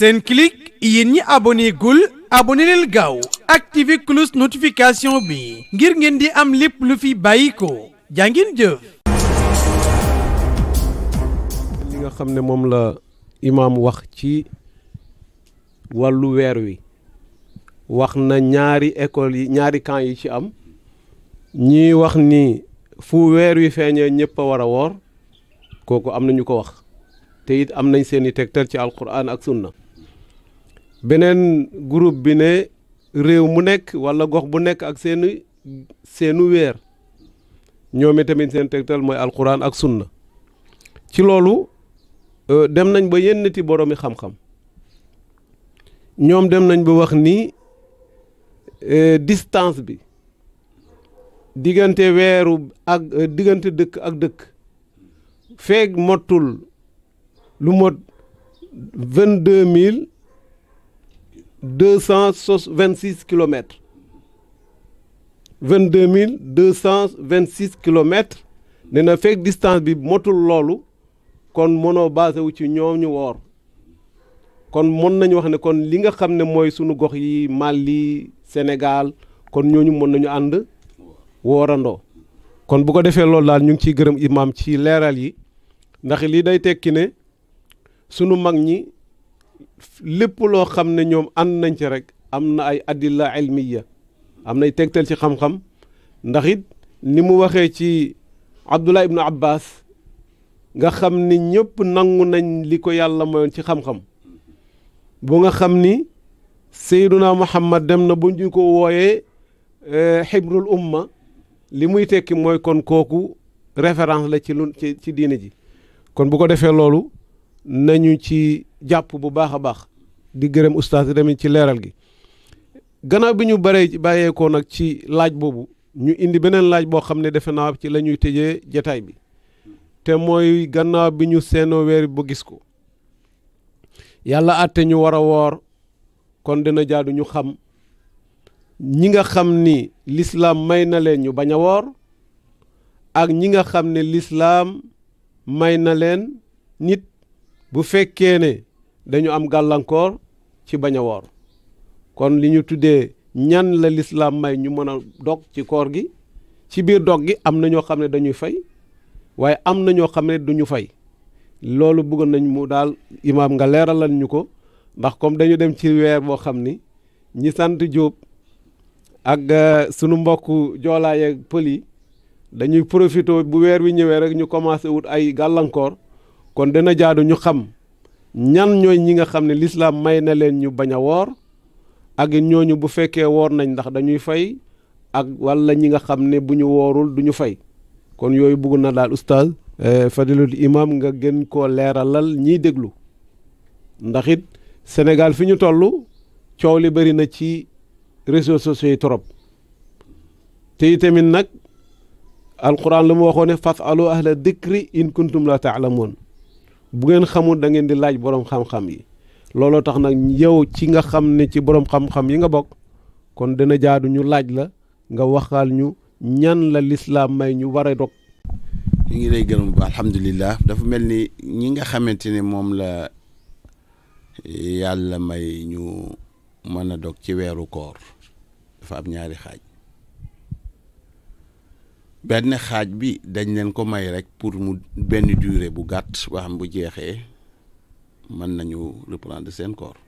Senclic yéen ñi abonné gul abonné leen gaaw activé cloche notification bi ngir ngeen di am lépp lu fi bàyyi ko jàngin jëf. li nga xam ne moom la imaam wax ci wàllu weer wi wax na ñaari école yi ñaari camp yi ci am ñii wax ni fu weer wi feeñee ñëpp a war a woor kooku am na ñu ko wax te it am nañ seeni tegtal ci alquran ak sunna beneen groupe bi ne réew mu nekk walla gox bu nekk ak seeni seenu weer ñoom tamit seen tegtal mooy alxuraan ak sunna ci loolu euh, dem nañ ba yenn ti boroomi xam-xam ñoom dem nañ ba wax ni euh, distance bi diggante weeru ak euh, diggante dëkk ak dëkk feeg mottul lu mot vingt deux mille deux cent vingt six kilomètres vingt deux mille deux cent vingt six kilomètres ne na fekk distance bi motul loolu kon mënoo basé wu ci ñoo ñu woor kon mën nañu wax ne kon li nga xam ne mooy sunu gox yi Mali Sénégal kon ñooñu mën nañu ànd woorandoo kon bu ko defee loolu daal ñu ngi ciy gërëm imaam ci leeral yi ndax lii day tekki ne sunu mag ñi lépp loo xam ne ñoom ànd nañ ci rek am na ay adilla ilmiya am nay tegtel ci xam-xam ndax it ni mu waxee ci abdullah ibnu abbas nga xam ni ñëpp nangu nañ li ko yàlla mayoon ci xam-xam bu nga xam ni seyduna muhammad dem na bu ñu ko wooyee xibrul eh, umma li muy tekki mooy kon kooku référence la ci lu ci ci diine ji kon bu ko defee loolu nañu ci jàpp bu baax a baax di gërëm oustaz Lamine ci leeral gi gannaaw bi ñu baree bàyyeekoo nag ci laaj boobu ñu indi beneen laaj boo xam ne defe naa ci la ñuy tëjee jataay bi te mooy gannaaw bi ñu seenoo weer ba gis ko yàlla àtte ñu war a woor kon dina jaadu ñu xam ñi nga xam ni lislaam may na leen ñu bañ a woor ak ñi nga xam ne lislaam may na leen nit bu fekkee ne dañu am gàllankoor ci bañ a kon li ñu tuddee ñan la lislaam may ñu mën a dog ci koor gi ci biir dog gi am na ñoo xam ne dañuy fay waaye am na ñoo xam ne duñu fay loolu bëggoon nañ mu daal imaam nga leeralal ñu ko ndax comme dañu dem ci weer boo xam ni ñi sant Jóob ak euh, sunu mbokk joolaay ak pël yi dañuy profité bu weer wi ñëwee rek ñu commencé wut ay gàllankoor kon dana jaadu ñu xam ñan ñooy ñi nga xam ne lislaam may na leen ñu bañ a woor ak ñooñu bu fekkee woor nañ ndax dañuy fay ak walla ñi nga xam ne bu ñu woorul duñu fay kon yooyu bëgg na daal oustaz eh, fadilul imam nga gën koo leeral leeralal ñii déglu ndax it Sénégal fi ñu toll coow li bari na ci réseaux sociaux yi trop te itamit nag alquran la mu waxoon ne fasalu ahla dikri in kuntum la taalamoon bu ngeen xamul da ngeen di laaj borom xam-xam yi looloo tax nag yow ci nga xam ne ci borom xam-xam yi nga bokk kon dana jaadu ñu laaj la nga waxal ñu ñan la lislaam may ñu war dog ñu ngi lay gërëm bu alhamdulilah dafa mel ni ñi nga xamante ne moom la yàlla may ñu mën a dog ci weeru koor dafa am ñaari xaaj benn xaaj bi dañ leen ko may rek pour mu benn durée bu gàtt boo xam bu jeexee mën nañu reprendre seen corps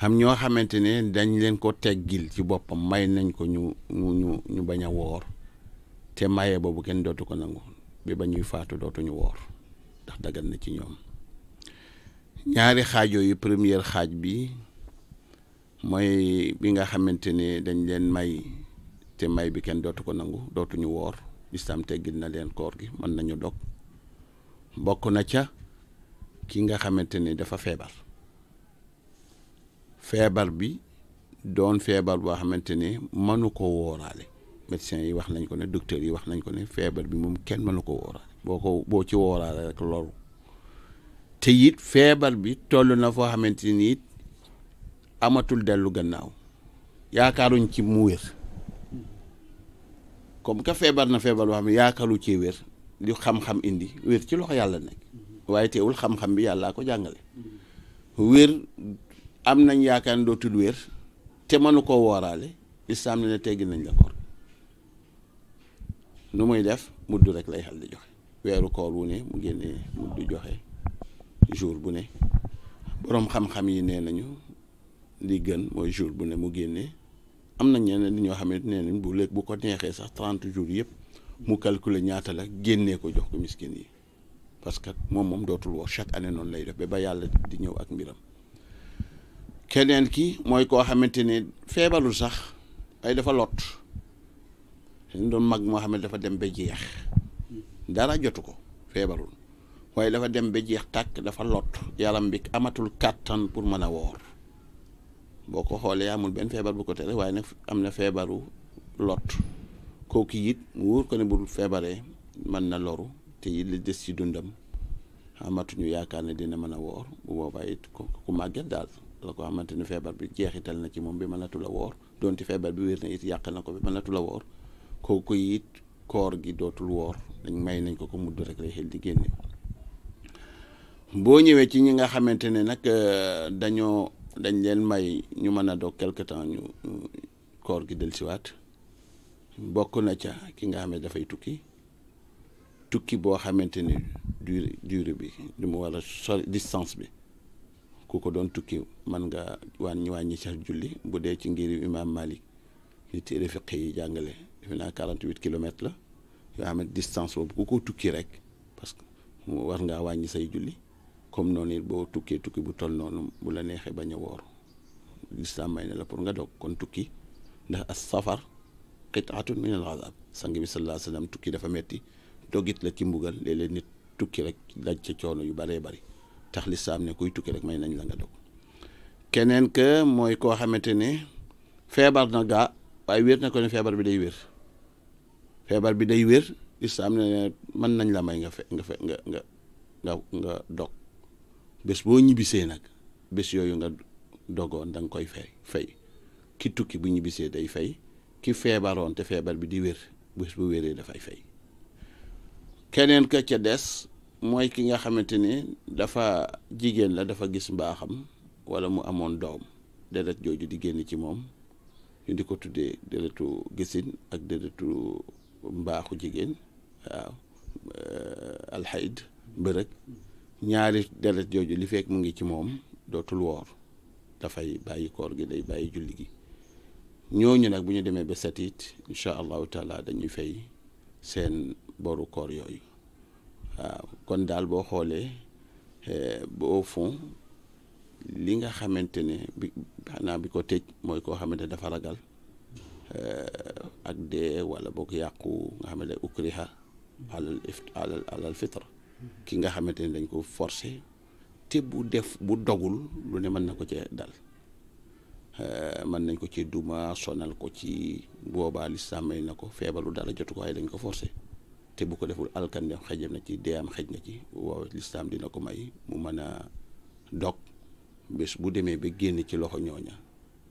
xam ñoo xamante ne dañ leen ko teggil ci boppam may nañ ko ñu ñu ñu bañ a woor te maye boobu kenn dootu ko nangu bi ba ñuy faatu dootuñu woor ndax dagan na ci ñoom ñaari xaajo yooyu première xaaj bi mooy bi nga xamante ne dañ leen may may bi kenn dootu ko nangu dootuñu woor lislaam teggil na leen koor gi mën nañu dog bokk na ca ki nga xamante ni dafa feebar feebar bi doon feebar boo xamante ni mënu ko wooraale médecin yi wax nañ ko ne docteur yi wax nañ ko ne feebar bi moom kenn mënu ko wooraale boo ko boo ci wooraale rek loru te it feebar bi toll na foo xamante ni it amatul dellu gannaaw yaakaaruñ ci mu wér comme ka feebar na feebar boo xam ne yaakaaru cee wér di xam-xam indi wér ci loxo yàlla nekk waaye teewul xam-xam bi yàllaa ko jàngale wér am nañ yaakaar ne dootul wér te mënu koo wooraale islam ne ne teggi nañ la koor nu muy def mudd rek lay xel di joxe weeru koor wu ne mu génne mudd joxe jour bu ne boroom xam-xam yi nee nañu di gën mooy jour bu ne mu génnee am na ñeneen ñoo xamante ne nee nañ bu léegi bu ko neexee sax trente jour yëpp mu calculer ñaata la génnee ko jox ko miskin yi parce que moom moom dootul woo chaque année noon lay def ba ba yàlla di ñëw ak mbiram keneen ki mooy koo xamante ne feebarul sax ay dafa lot dañ doon mag moo xam ne dafa dem ba jeex dara jotu ko feebarul waaye dafa dem ba jeex tàkk dafa lot yàlla bi amatul kàttan pour mën a woor boo ko xoolee amul benn feebar bu ko tere waaye nag am na feebaru lot kooku it mu wóor ko ne bu feebaree mën na loru te it li des ci dundam amatuñu yaakaar ne dina mën a woor bu boobaa it ku màgget daal la ko xamante ni feebar bi jeexital na ci moom bi mënatu la woor donte feebar bi wér na it yàq na ko bi mënatu la woor kooku it koor gi dootul woor dañ may nañ ko ko mudd rek lay xel di génne boo ñëwee ci ñi nga xamante ne nag euh, dañoo. dañ leen may ñu mën a doog quelque temps ñu koor gi dellusiwaat bokk na ca ki nga xam ne dafay tukki tukki boo xamante ni durée durée bi du mu war a sori distance bi ku ko doon tukki mën nga wàññi wàññi sax julli bu dee ci ngir Imam Malik li téere fiq yi jàngale defe naa quarante huit kilomètres la yoo xam ne distance boobu ku ko tukki rek parce que war ngaa wàññi say julli. comme noonu it boo tukkee tukki bu toll noonu bu la neexee bañ a woor lislaam may ne la pour nga dog kon tukki ndax as safar qitaatun min al azab sang bi sallallahu tukki dafa metti dogit la ci mbugal léeg-léeg nit tukki rek daj ca coono yu bëree bëri tax lislaam ne kuy tukki rek may nañ la nga dog keneen mooy koo xamante ne feebar na waaye wér na ko ne feebar bi day wér feebar bi day wér lislaam ne mën nañ la may nga fe nga fe nga nga nga nga dog bés boo ñibbisee nag bés yooyu nga dogoon danga koy fay fay ki tukki bu ñibbisee day fay ki feebaroon te feebar bi di wér bés bu wéree dafay fay keneen ka ca des mooy ki nga xamante ni dafa jigéen la dafa gis mbaaxam wala mu amoon doom deret jooju di génn ci moom ñu di ko tuddee deretu gisin ak deretu mbaaxu jigéen waaw euh, alxayd bërëg ñaari deret jooju li fekk mu ngi ci moom dootul woor dafay bàyyi koor gi day bàyyi julli gi ñooñu nag bu ñu demee ba satit incha allahu taala dañuy fay seen boru koor yooyu waaw kon daal boo xoolee eh, ba au li nga xamante ne bi xanaa bi ko tëj mooy koo xamante dafa ragal eh, ak dee wala boog yàqu nga xamante ukriha alal alal ki nga xamante ni dañ ko forcer te bu def bu dogul lu ne mën na ko cee dal euh, mën nañ ko ci duma sonal ko ci boobaa lislaam may na ko feebaru dara jotu ko waaye dañ ko forcer te bu ko deful alkandem xejam na ci am xej na ci waaw lislaam dina ko may mu mën a dog bés bu demee ba génn ci loxo ñooña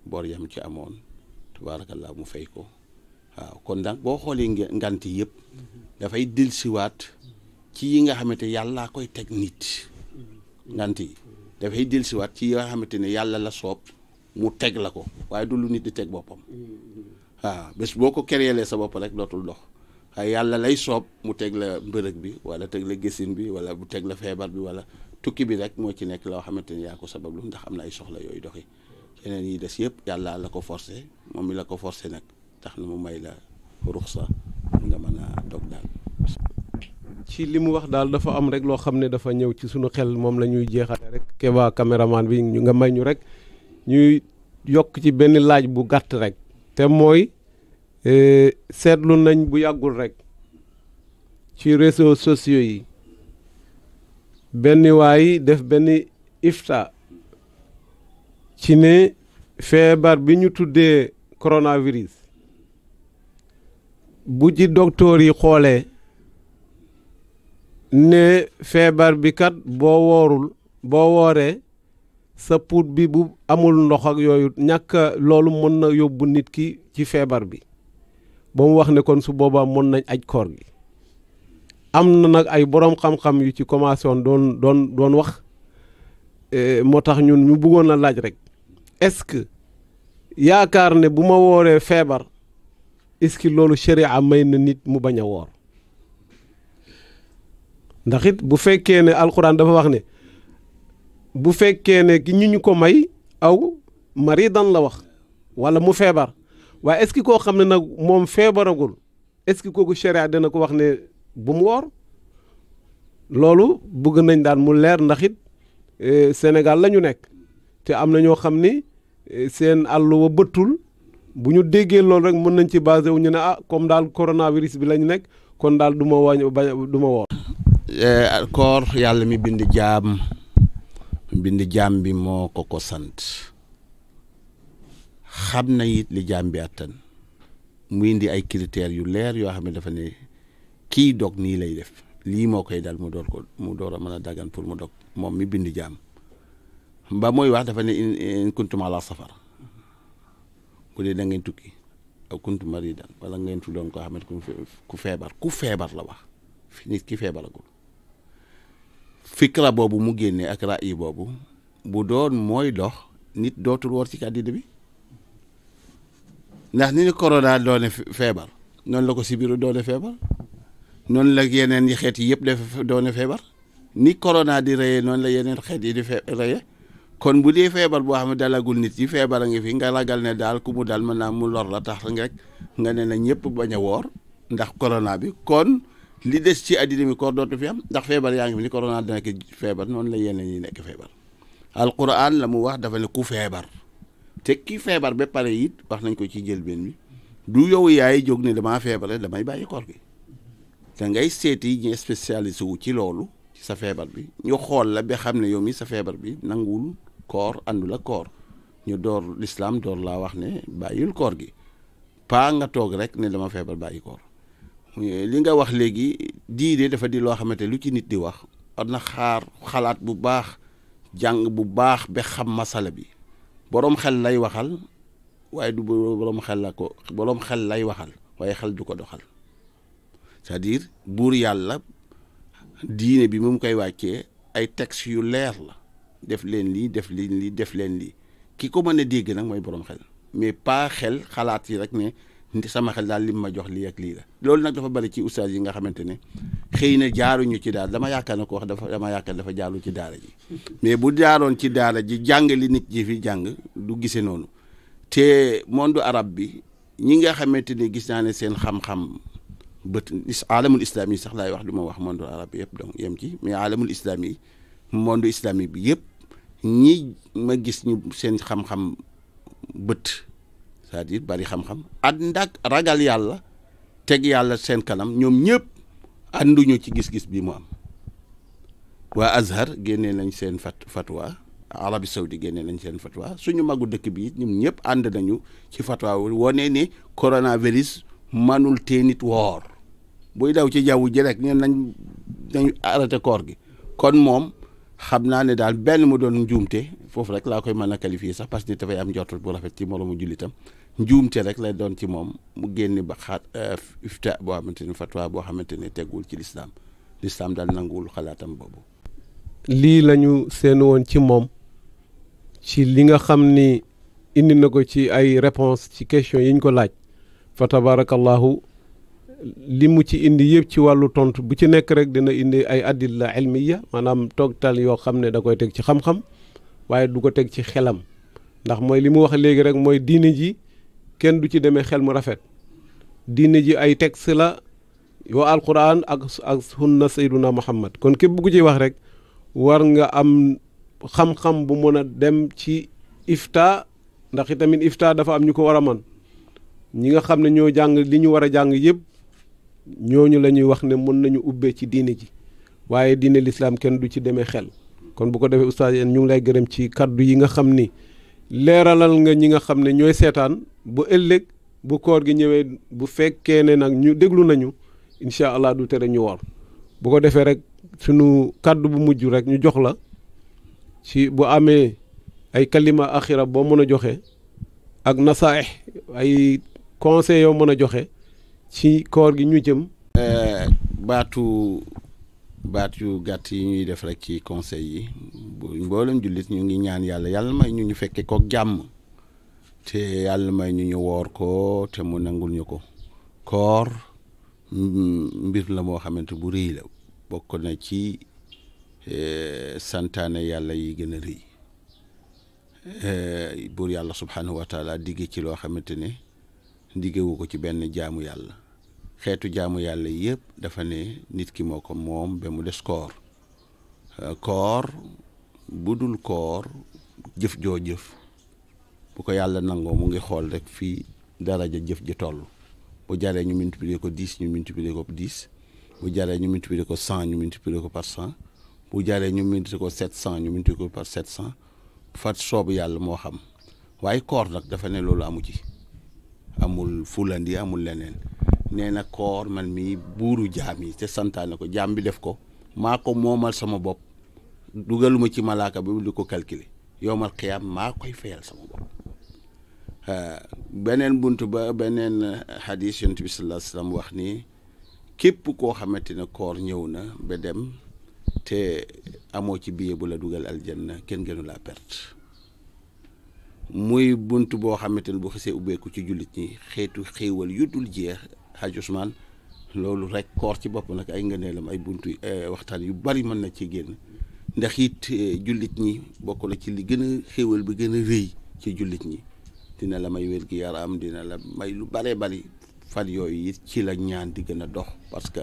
bor yam ci amoon tabaarakallaa mu fay ko waaw kon daal boo xoolee ngant yëpp dafay dellusiwaat ci yi nga xamante yàllaa koy teg nit ngant yi dafay dellusiwaat ci yi nga xamante ne yàlla la soob mu teg la ko waaye dul nit di teg boppam waaw bés boo ko kereelee sa bopp rek dootul dox waaye yàlla lay soob mu teg la mbërëg bi wala teg la gësin bi wala bu teg la feebar bi wala tukki bi rek moo ci nekk loo xamante ni yaa ko sabablu ndax am na ay soxla yooyu doxi yeneen yi des yëpp yàlla la ko forcé moom mi la ko forcé nag tax na mu may la ruxsa nga mën a dog daal ci li mu wax daal dafa am rek loo xam ne dafa ñëw ci suñu xel moom la ñuy jeexale rek kebaa caméraman bi ñu nga may ñu rek ñuy yokk ci benn laaj bu gàtt rek te mooy e, seetlu nañ bu yàggul rek ci réseaux sociaux yi benn waay def benn ifta ci ne feebar bi ñu tuddee coronavirus bu ci docteur yi xoolee ne feebar bi kat boo woorul boo wooree sa puut bi bu amul ndox yooyu ñàkk loolu mën na yóbbu nit ki ci feebar bi ba mu wax ne kon su boobaa mën nañ aj koor gi am na nag ay boroom xam-xam yu ci commencé woon doon doon doon wax e, moo tax ñun ñu buggoon la laaj rek est-ce yaakaar ne bu ma wooree feebar est-ce que loolu sharia may na nit mu bañ a woor ndax it bu fekkee ne alxuraan dafa wax ne bu fekkee ne ki ñu ñu ko may aw maridan la wax wala mu feebar waaye est-ce que koo xam ne nag moom feebaragul est-ce que kooku sharia dina ko wax ne bu mu woor loolu bëgg nañ daan mu leer ndax it eh, Sénégal la ñu nekk te am na ñoo xam ni eh, seen àll wa bëttul bu ñu déggee loolu rek mën nañ ci basé wu ñu ne ah comme daal coronavirus bi la ñu nekk kon daal du ma wàññi du ma woor Eh, koor yàlla mi bind jaam bind jaam bi moo ko ko sant xam na it li jaam bi àttan mu indi ay critères yu leer yoo xam ne dafa ne kii dog nii lay def lii moo koy dal mu door ko mu door a mën a dagan pour mu dog moom mi bind jaam mba mooy wax dafa ne in kuntum ala safar bu dee da ngeen tukki aw kuntum maridan wala ngeen tuddoon koo xam ne ku feebar ku feebar la wax nit ki feebaragul fikra boobu mu génnee ak raay boobu bu doon mooy dox nit dootul war ci àddina bi ndax ni ni corona doone feebar noonu la ko sibiru doone feebar noonu la yeneen yi xeet yi yëpp de doone feebar ni corona di reyee noonu la yeneen xeet yi di fe kon bu dee feebar boo xam dalagul nit yi feebar a ngi fi nga ragal ne daal ku mu dal mën naa mu lor la tax rek nga ne na ñëpp bañ a woor ndax corona bi kon li des ci àddina bi koor dootu fi am ndax feebar yaa ngi fi ni corona dina feebar noonu la yenn ñi nekk feebar alquran la mu wax dafa ne ku feebar te ki feebar ba pare yit wax nañ ko ci njëlbeen bi du yow yaay jóg ne damaa feebare damay bàyyi koor gi te ngay seeti ñu spécialisé wu ci loolu sa feebar bi ñu xool la ba xam ne yow mi sa feebar bi nanguwul koor àndul koor ñu door l'islam door laa wax ne bàyyil koor gi paa nga toog rek ne dama feebar bàyyi koor li nga wax léegi diine dafa di loo xamante lu ci nit di wax am na xaar xalaat bu baax jàng bu baax ba xam masala bi boroom xel lay waxal waaye du boroom xel la ko boroom xel lay waxal waaye xel du ko doxal cest à buur yàlla diine bi mu koy wàccee ay text yu leer la def leen lii def leen lii def leen lii ki ko mën a dégg nag mooy boroom xel mais pas xel xalaat yi rek ne sama xel daal lim ma jox lii ak lii la loolu nag dafa bari ci ustaas yi nga xamante ne xëy na jaaruñu ci daal dama yaakaar ne ko wax dafa dama yaakaar dafa jaaru ci daara ji mais bu jaaroon ci daara ji jàng li nit ji fi jàng du gisee noonu te monde arab bi ñi nga xamante ne gis naa ne seen xam-xam bët alamul islam yi sax laay wax du ma wax monde arab bi yëpp donc yem ci mais alamul islam yi monde islamique bi yëpp ñi ma gis ñu seen xam-xam bët c'est-à-dire bari xam-xam ànd ragal yàlla teg yàlla seen kanam ñoom ñëpp ànduñu ci gis-gis bi mu am waa Azhar génne nañ seen fat fatwa Arabie Saoudi génnee nañ seen fatwa suñu magu dëkk bi it ñoom ñëpp ànd nañu ci fatwa wone ne coronavirus manul tee nit woor buy daw ci jaww ji rek nee nañ nañu arrêté koor gi kon moom xam naa ne daal benn mu doon njuumte foofu rek laa koy mën a qualifier sax parce que dafay am njortal bu rafet ci moroomu jullitam njuumte rek lay doon ci moom mu génn ba xaat euh, ifta boo xamante ni fatwa boo xamante ni tegul ci lislaam lislaam daal nanguwul xalaatam boobu lii lañu seen woon ci moom ci li nga xam ni indi na ko ci ay réponse ci question yi ñu ko laaj fa tabarakallahu li mu ci indi yëpp ci wàllu tontu bu ci nekk rek dina indi ay adilla ilmiya maanaam toogtal yoo xam ne da koy teg ci xam-xam waaye du ko teg ci xelam ndax mooy li mu wax léegi rek mooy diine ji kenn du ci demee xel mu rafet diine ji ay texte la yoo alxuraan ak ak sunna sayduna muhammad kon képp ku ciy wax rek war nga am xam-xam bu mën a dem ci ifta ndax itamit ifta dafa am ñu ko war a man ñi nga xam ne ñoo jàng li ñu war a jàng yëpp ñooñu la ñuy wax ne mën nañu ubbee ci diine ji waaye diine lislaam kenn du ci demee xel kon bu ko defee oustaz yéen ñu lay gërëm ci kàddu yi nga xam ni leeralal nga ñi nga xam ne ñooy seetaan bu ëllëg bu koor gi ñëwee bu fekkee ne nag ñu déglu nañu incha allah du tere ñu woor bu ko defee rek sunu kàddu bu mujj rek ñu jox la ci bu amee ay kalima axira boo mën a joxe ak nasaaih ay conseils yoo mën a joxe ci koor gi ñu jëm. Eh, baatu baat yu gàtt yi ñuy def rek ci conseil yi mboolem jullit ñu ngi ñaan yàlla yàlla may ñu ñu fekkee ko jàmm te yàlla may ñu ñu woor ko te mu nangul ñu ko koor mm, mbir la moo xamante bu rëy la bokk na ci e, santaane yàlla yi gën a rëy e, buur yàlla subhanahu wa taala digge ci loo xamante ne diggewu ko ci benn jaamu yàlla xeetu jaamu yàlla yëpp dafa ne nit ki moo ko moom ba mu des koor euh, koor bu dul koor jëf joo jëf bu ko yàlla nangoo mu ngi xool rek fii daraja jëf ji toll bu jaree ñu multiplier ko dix ñu multiplier ko dix bu jaree ñu multiplier ko cent ñu multiplier ko par cent bu jaree ñu multiplier ko sept cent ñu multiplier ko par sept cent fat soobu yàlla moo xam waaye koor nag dafa ne loolu amu ci amul fulandi amul leneen nee na koor man mii buuru jaam yi te santaane ko jaam bi def ko maa ko moomal sama bopp dugaluma ci malaaka bi di ko calculer yowmal xiyaam maa koy fayal sama bopp beneen bunt ba beneen hadis yonent bi sallallahu alayhi wax ni képp koo xamante ne koor ñëw na ba dem te amoo ci billet bu la dugal aljanna kenn gënu laa perte muy bunt boo xamante ne bu xasee ubbeeku ci jullit ñi xeetu xéewal yu dul jeex Hadj Ousmane loolu rek koor ci bopp nag ay ngëneelam ay buntu eh, waxtaan yu bari mën na ci génn ndax it eh, jullit ñi bokk na ci li gën a xéewal bi gën a rëy ci jullit ñi dina la may wér gi yaram dina la may lu baree bari fan yooyu it ci la ñaan di gën a dox parce que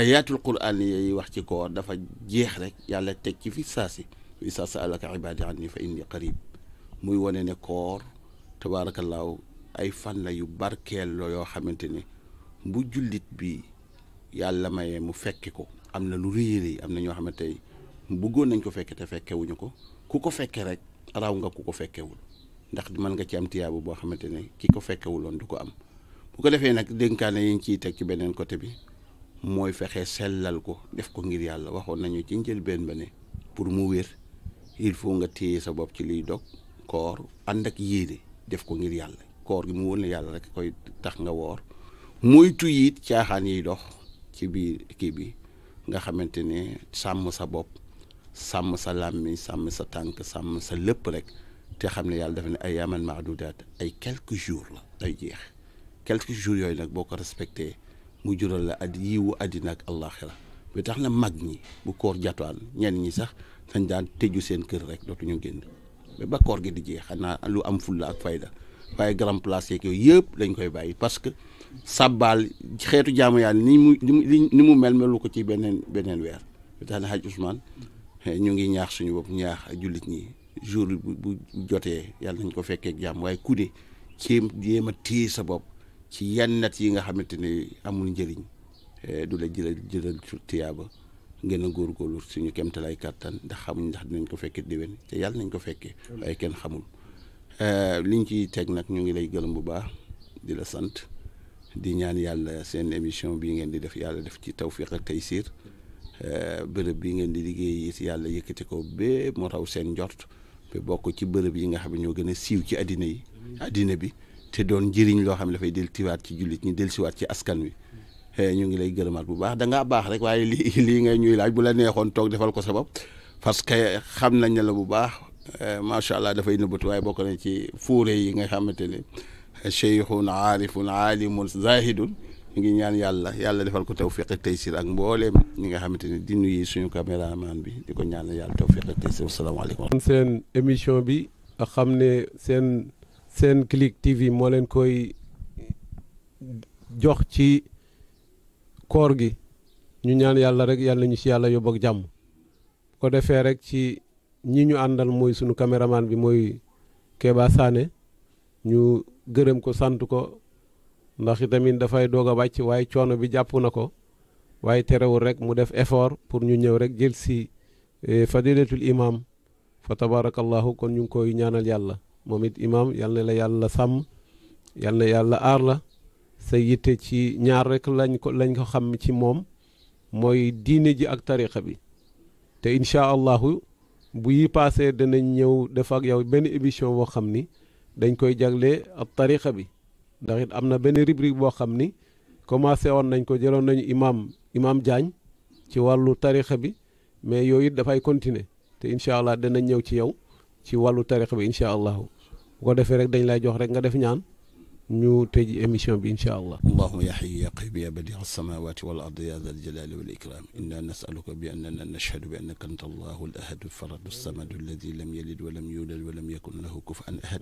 ayatul quran yi wax ci koor dafa jeex rek yàlla teg ci fi saasi fi saasi alaka ibadi anni fa inni qarib muy wane ne koor tabaarakallaahu ay fan la yu barkeel loo yoo xamante ni bu jullit bi yàlla maye mu fekke ko am na lu réy am na ñoo xam ne tey bëggoon nañ ko fekke te fekkewuñu ko ku ko fekke rek raw nga ku ko fekkewul ndax mën nga ci am tiyaabu boo xamante ne ki ko fekkewuloon du ko am bu ko defee nag dénkaane yi ñu ciy teg ci beneen côté bi mooy fexe sellal ko def ko ngir yàlla waxoon nañu ci njëlbeen ba ne pour mu wér il faut nga téye sa bopp ci liy dog koor ànd ak yéene def ko ngir yàlla koor gi mu wóor yàlla rek koy tax nga woor moytu it caaxaan yiy dox ci biir kii bi nga xamante ne sàmm sa bopp sàmm sa làmmiñ sàmm sa tànk sàmm sa lépp rek te xam ne yàlla dafa ne ay yaman maadudaat ay quelque jours la day jeex quelques jours yooyu nag boo ko respecté mu jural la ad yiwu àddina ak àllaaxira bi tax na mag ñi bu koor jatwaan ñen ñi sax dañ daan tëju seen kër rek dootuñu génn mais ba koor gi di jeex xanaa lu am fulla ak fayda waaye grand place yooyu yëpp dañ koy bàyyi parce que sàbbaal xeetu jaamu yàlla ni mu ni mu mel melu ko ci beneen beneen weer bi tax na xaj Ousmane ñu ngi ñaax suñu bopp ñaax jullit ñi jour bu bu jotee yàlla nañ ko fekkee jàmm waaye ku ci jéem a téye sa bopp ci yannat yi nga xamante ne amul njëriñ du la jëlal jëlal tiyaaba ngeen a góorgóorlu suñu kemtalaay kàttan ndax xamuñ ndax dinañ ko fekkee déwén te yàlla nañ ko fekkee ay kenn xamul liñ ciy teg nag ñu ngi lay gërëm bu baax di la sant di ñaan yàlla seen émission bii ngeen di def yàlla def ci tawfiq ak taysiir euh, bërëb bi ngeen di liggéey it yàlla yëkkati ko ba mu raw seen njort ba bokk ci bërëb yi nga xam ne ñoo gën a siiw ci àddina yi àddina bi te doon njëriñ loo xam ne dafay del tiwaat ci jullit ñi del siwaat ci askan wi euh, ñu ngi lay gërëmaat bu baax da ngaa baax rek waaye lii lii ngay ñuy laaj bu la neexoon toog defal ko sa bopp parce que xam nañ ne la bu baax euh, macha allah dafay nëbbatu waaye bokk nañ ci fuure yi nga xamante ne cheikhun aarifun aalimun zahidun ñu ngi ñaan yàlla yàlla defal ko tawfiq ak taysir ak ñi nga xamante ni di nuyu suñu caméraman bi di ko ñaan yàlla tawfiq ak taysir asalaamaaleykum seen émission bi nga xam ne seen Senclic TV moo leen koy jox ci koor gi ñu ñaan yàlla rek yàlla ñu si yàlla yóbbu ak jàmm ko defee rek ci ñi ñu àndal mooy sunu caméraman bi mooy Keba Sané ñu gërëm ko sant ko ndax itamit dafay doog a wàcc waaye coono bi jàpp na ko waaye terewul rek mu def effort pour ñu ñëw rek jël si e, fadilatul imam fa tabarakallahu kon ñu ngi koy ñaanal yàlla moom it imam yàlla na la yàlla sàmm yal na yàlla aar la sa yitte ci ñaar rek lañ ko lañ ko xam ci moom mooy diine ji ak tariqa bi te incha allahu bu yi paasee danañ ñëw def ak yow benn émission boo xam ni dañ koy jagle ab tarixa bi ndax it am na benn rubrique boo xam ni commencé woon nañ ko jëloon nañu imaam imaam Diagne ci wàllu tarixa bi mais yooyu it dafay continuer te incha allah danañ ñëw ci yow ci wàllu tarixa bi incha allahu bu ko defee rek dañ lay jox rek nga def ñaan ñu tëj émission bi incha allah allahuma ya xayu ya qayb ya badi alsamawati wal ardi ya dal jalali wal ikram inna nasaluka bi annana nashhadu bi annaka anta allahu al ahadu faradu samadu alladi lam yalid wa lam yulad wa lam yakun lahu kufuwan ahad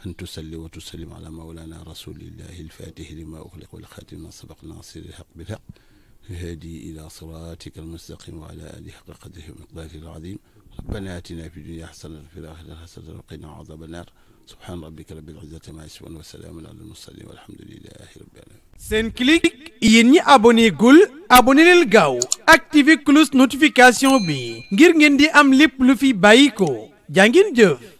أن تسلي وتسلم على مولانا رسول الله الفاتح لما أغلق والخاتم ما سبق ناصر الحق بالحق الهادي إلى صراطك المستقيم وعلى آله حق قدره ومقداره العظيم rabbana atina fi dunya hasanatan wa fil akhirati hasanatan wa qina adhaban nar subhana rabbika rabbil izzati amma yasifun wa salamun ala al-mursalin walhamdulillahi rabbil alamin Senclic yéen ñi abonné gul abonné leen gaaw activé cloche notification bi ngir ngeen di am lépp lu fi bàyyi ko jàngin jëf